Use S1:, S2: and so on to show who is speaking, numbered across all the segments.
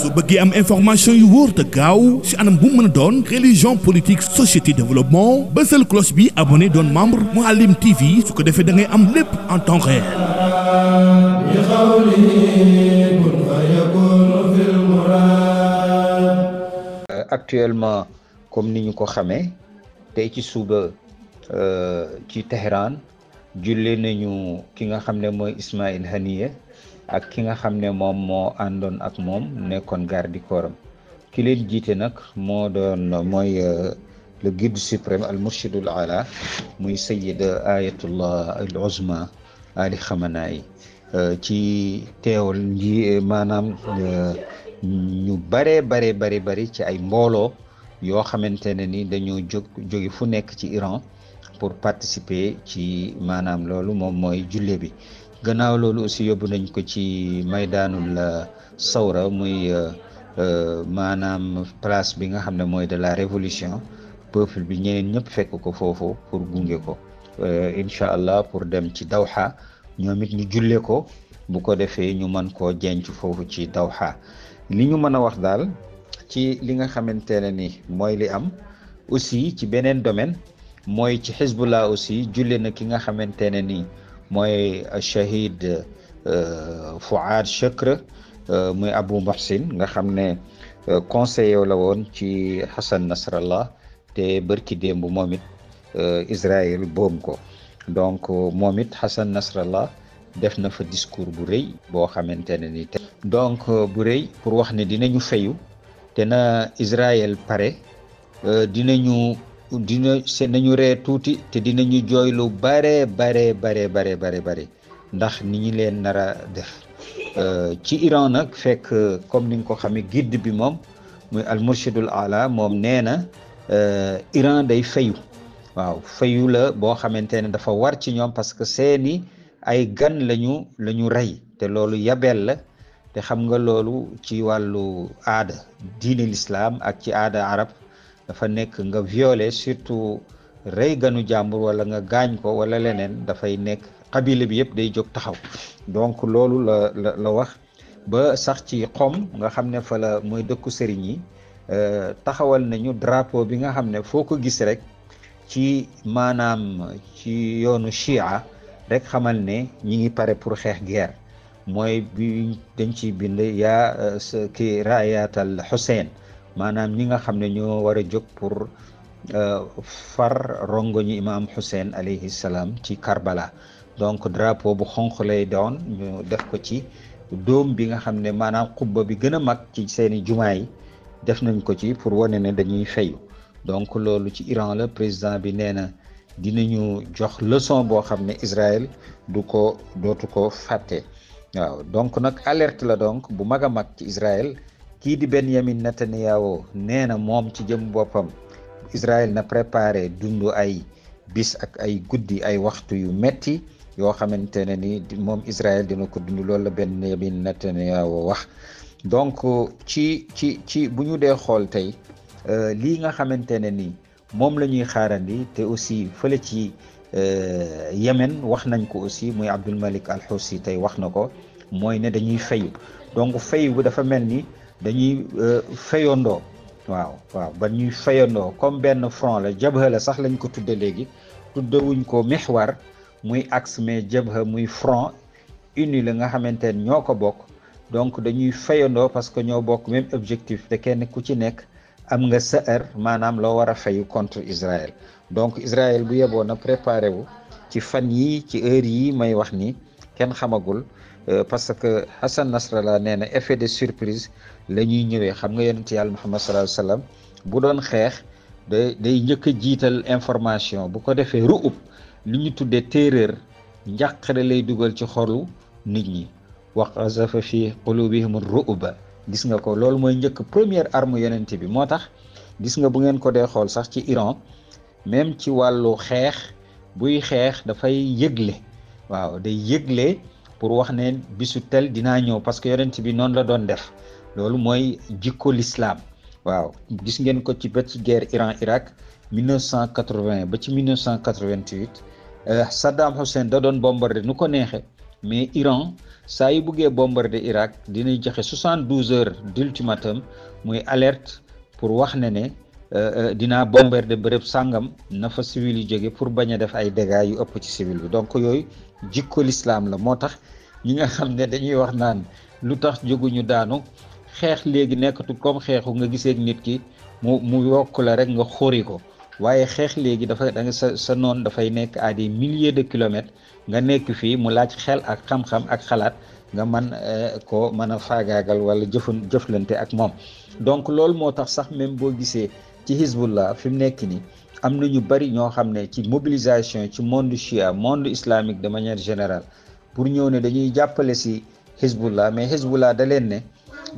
S1: su bëggee am information yu wóor te gaaw si anam bu mën a doon religion politique société développement bësal cloche bi abonné doon membre mu Mouhalim TV su ko defee dangay am lépp en temps réel. Euh, actuellement comme ni ñu ko xamee tey ci suuba euh, ci Téhéran. julli nañu ki nga xam ne mooy Ismail Haniye ak ki nga xam ne moom moo àndoon ak moom nekkoon garde corps am jiite nag moo doon mooy euh, le guide suprême al murshidul ala muy sayid euh, ayatullah al uzma ali xamanaay euh, ci teewal nji maanaam ñu bare bare bare bari ci ay mbooloo yoo xamante ne ni dañoo jóg fu nekk ci Iran pour participer ci maanaam loolu moom mooy julle bi gannaaw loolu aussi yóbbu nañ ko ci maydaanul euh, sawra muy euh, euh, maanaam place bi nga xam ne mooy de la révolution peuple bi ñeneen ñëpp fekk ko foofu pour gunge ko incha allah pour dem ci dawxa ñoom it ñu julle ko bu ko defee ñu man koo jenc foofu ci dawxa li ñu mën a wax daal ci li nga xamante ne ni mooy li am aussi ci beneen domaine mooy ci xizbullah aussi julli na ki nga xamante ne ni mooy shahid euh, Fuad Chakr euh, muy Abu Muhsin nga xam ne euh, conseiller la woon ci Hassan Nasrallah te bërki démb moom it Israël boom ko donc moom it Hassan Nasrallah def na fa discours bu rëy boo xamante ne ni donc bu rëy pour wax ne dinañu fayu te na Israël pare dinañu dina se nañu ree tuuti te dinañu jooy lu bare bare bare bare bare bare ndax ni ñu leen nar a def euh, ci Iran nag fekk comme ni nga ko xamee guide bi moom muy almurshidul ala moom nee na euh, Iran day fayu waaw fayu la boo xamante ne dafa war ci ñoom parce que seeni ay gan lañu la ñu rey te loolu yabeel la te xam nga loolu ci wàllu aada diine lislaam ak ci aada arab fa nekk nga violé surtout rey ganu jàmbur wala nga gaañ ko wala leneen dafay nekk xabila bi yëpp day jóg taxaw donc loolu la la wax ba sax ci xom nga xam ne fa la mooy dëkku sëriñ yi euh, taxawal nañu drapo bi nga xam ne foo ko gis rek ci maanaam ci yoonu chia rek xamal ne ñi ngi pare pour xeex guerre mooy bi dañ ci bind yaa euh, ki rayaatal Hussein maanaam ñi nga xam ne ñoo war a jóg pour euh, far rongoñi imaam Hussein alayhi salaam ci Karbala donc drapo bu xonq lay doon ñu def ko ci doom bi nga xam ne maanaam xubba bi gën a mag ci seeni jumaa yi def nañ ko ci pour wane ne dañuy fayu donc loolu ci Iran la président bi nee na dinañu jox leçon boo xam ne Israël du ko dootu ko fàtte waaw donc nag alerte la donc bu mag a mag ci Israël kii di Benjamin Netanyahu nee na moom ci jëm boppam Israël na préparé dund ay bis ak ay guddi ay waxtu yu metti yoo xamante ne ni moom Israël dina ko dund loolu la Benjamin Netanyahu wax donc ci ci ci bu ñu dee xool tey euh, lii nga xamante ne ni moom la ñuy xaarandi te aussi fale ci euh, Yemen wax nañ ko aussi muy Abdul Malik Al tey wax na ko mooy ne dañuy fayu donc fayu bu dafa mel ni. dañuy euh, fayandoo waaw waaw ba ñuy fayandoo comme benn front la jabha la sax lañ ko tudde léegi tuddawuñ ko mixwar muy axe mais jabha muy front uni la nga xamante ne ñoo ko bokk donc dañuy fayandoo parce que ñoo bokk même objectif te kenn ku ci nekk am nga sa heure maanaam loo war a fayu contre Israël donc Israël bu yeboo na préparé wu ci fan yi ci heure yi may wax ni kenn xamagul euh, parce que Hassan Nasrallah nee na effet de surprise la ñuy ñëwee xam nga yonent yàlla Muhammad sallallahu alayhi bu doon xeex day day njëkk a jiital information bu ko defee ruub li ñu tuddee njaq njàqare lay dugal ci xolu nit ñi wa qazafa fi qulubihim ruuba gis nga ko loolu mooy njëkk première arme yonent bi moo tax gis nga bu ngeen ko dee xool sax ci Iran même ci wàllu xeex buy xeex dafay yëgle waaw day yëgle pour wax ne bisu tel dinaa ñëw parce que yonent bi noonu la doon def loolu mooy jikko lislaam waaw gis ngeen ko ci ba ci guerre Iran Irak 1980 ba ci 1988 Saddam Hussein da doon bombardé nu ko neexee mais Iran saa yi buggee bombardé Irak dina joxe 72 heures d'ultimatum muy alerte pour wax ne ne Euh, euh, dinaa bombarder bërëb sàngam na fa civil yu jóge pour bañ a def ay dégâts yu ëpp ci civil bi donc yooyu jikko lislaam la moo tax ñi nga xam ne dañuy wax naan lu tax jóguñu daanu xeex léegi nekkatu comme xeexu nga giseeg nit ki mu mu yokk la rek nga xóori ko waaye xeex léegi dafa sa sa noon dafay nekk à des milliers de kilomètres nga nekk fii mu laaj xel ak xam-xam ak xalaat nga mën euh, ko mën a faagaagal wala jëfan jëflante ak moom donc loolu moo tax sax même boo gisee ci Hizbullah fi mu nekk nii am na ñu bari ñoo xam ne ci mobilisation ci monde chia monde islamique de manière générale pour ñëw ne dañuy jàppale si Hizbullah mais Hizbullah da ne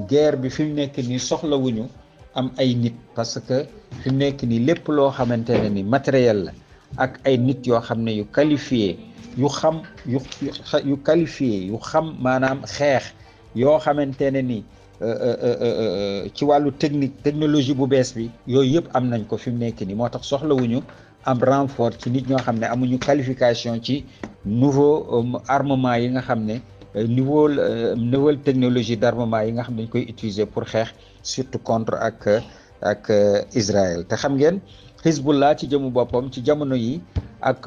S1: guerre bi fi mu nekk nii soxlawuñu am ay nit parce que fi nekk nii lépp loo xamante ne ni matériel la ak ay nit yoo xam ne yu qualifié yu xam yu yu qualifié yu xam maanaam xeex yoo xamante ne ni Euh, euh, euh, ci wàllu technique technologie bu bees bi yooyu yëpp am nañ ko fi mu nekk nii moo tax soxlawuñu am renfort ci nit ñoo xam ne amuñu qualification ci nouveau armement yi nga xam ne nouveau nouvelle technologie d' armement yi nga xam ne dañ koy utiliser pour xeex surtout contre ak ak Israël te xam ngeen Hezbollah ci jëmu boppam ci jamono yi ak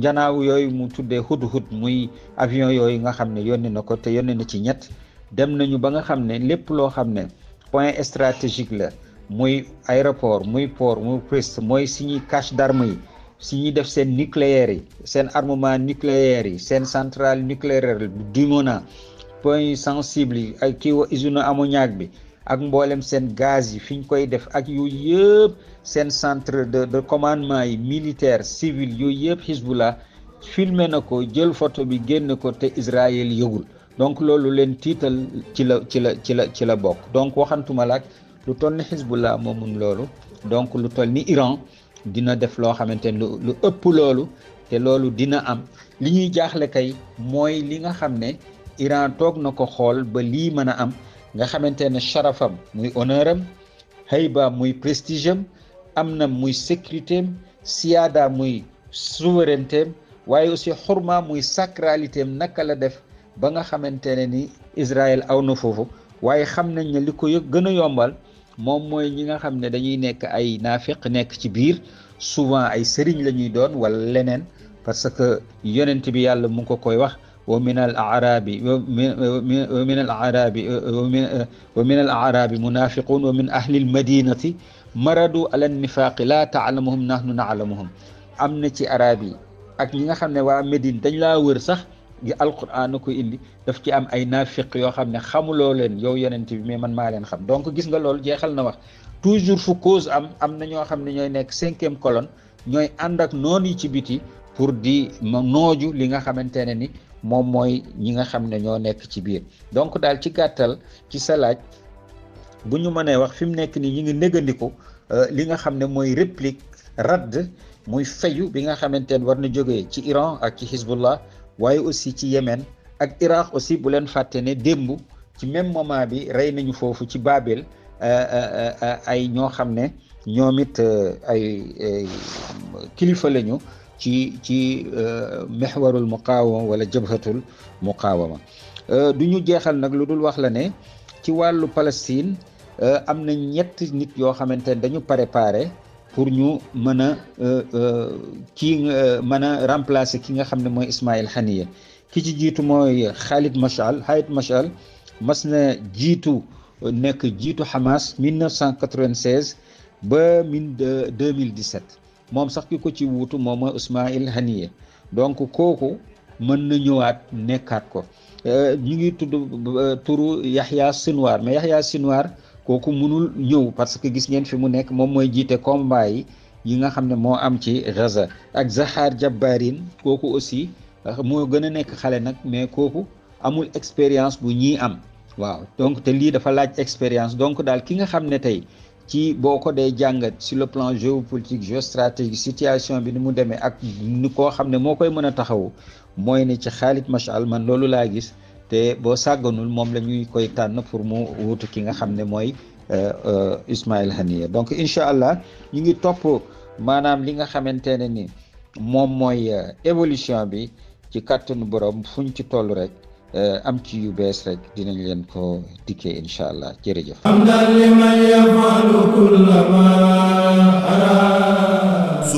S1: njanaaw yooyu mu tuddee hudhud muy avion yooyu nga xam ne yónnee na ko te yónnee na ci ñett. dem nañu ba nga xam ne lépp loo xam ne point stratégique la muy aéroport muy port muy piste mooy suñuy cache d'armes yi si ñuy def seen nucléaire yi seen armement nucléaire yi seen centrale nucléaire dimona point yu sensible yi ak kii wa usine bi ak mboolem seen gaz yi fi ñu koy def ak yooyu yëpp seen centre de de commandement yi militaire civil yooyu yëpp Hezbollah filmé na ko jël photo bi génn ko te Israël yëgul donc loolu leen tiital ci la ci la ci la ci la bokk donc waxantuma laak lu toll ni Hezbollah moomun loolu donc lu toll ni Iran dina def loo xamante ni lu ëpp loolu te loolu dina am li ñuy jaaxle kay mooy li nga xam ne Iran toog na ko xool ba lii mën a am nga xamante ne charafam muy honneuram hayba muy prestige am am na muy sécurité am siyaada muy souveraineté am waaye aussi xurma muy sacralité naka la def ba nga xamante ne ni Israël aw na foofu waaye xam nañ ne li ko gën a yombal moom mooy ñi nga xam ne dañuy nekk ay naafiq nekk ci biir souvent ay sëriñ lañuy doon wala leneen parce que yonent bi yàlla mu ngi ko koy wax wa min al arabi wa min al arabi wa min al arabi munafiqun wa min ahli al madinati maradu ala nifaaqi laa taalamuhum nahnu naalamuhum am na ci arab yi ak ñi nga xam ne waa Médine dañ laa gi alquran na ko indi daf ci am ay naafiq yoo xam ne xamuloo leen yow yonent bi mais man maa leen xam donc gis nga loolu jeexal na wax toujours fu cause am am na ñoo xam ne ñooy nekk cinquième colonne ñooy ànd ak noon yi ci biti pour di nooju li nga xamante ne ni moom mooy ñi nga xam ne ñoo nekk ci biir donc daal ci gàttal ci salaaj bu ñu mënee wax fi mu nekk nii ñi ngi négandiku euh, li nga xam ne mooy réplique radd muy fayu bi nga xamante ne war na jógee ci Iran ak ci Hezbollah waaye aussi ci Yémen ak Irak aussi bu leen fàtte ne démb ci même moment bi rey nañu foofu ci Babel euh, euh, euh, ay ñoo xam ne ñoom it ay kilifa lañu ci ci mexwarul muqaawama wala jabhatul muqaawama du ñu jeexal nag lu dul wax la ne ci wàllu Palestine am na ñett nit yoo xamante ne dañu préparé pour ñu mën a euh, euh, kii euh, mën a remplacer ki nga xam ne mooy Ismaïl Haniya ki ci jiitu mooy Khalid Mashal Khalid Mashal mas na jiitu nekk jiitu Hamas 1996 ba min 2017 moom sax ki ko ci wuutu moom mooy Ismaïl Haniya donc kooku mën na ñëwaat nekkaat ko ñu ngi tudd turu Yahya Sinwar mais Yahya Sinwar kooku mënul ñëw parce que gis ngeen fi mu nekk moom mooy jiite combat yi yi nga xam ne moo am ci Gaza ak Zahar Jabbarin kooku aussi ah, moo gën a nekk xale nag mais kooku amul expérience bu ñii am waaw donc te lii dafa laaj expérience donc daal ki nga xam ne tey ci boo ko dee jàngat si le plan géopolitique géostratégique situation bi ni mu demee ak ni koo xam ne moo koy mën a taxawu mooy ne ci Khalid Mash'al man loolu laa gis te boo sàgganul moom la ñuy koy tànn pour mu wutu ki nga xam ne mooy euh, euh, Ismaël Haniyeh donc incha allah ñu ngi topp maanaam li nga xamante ne ni moom mooy euh, évolution bi ci kàttanu borom fuñ ci toll rek am ci yu bees rek dinañ leen ko dikkee incha allah jërëjëf.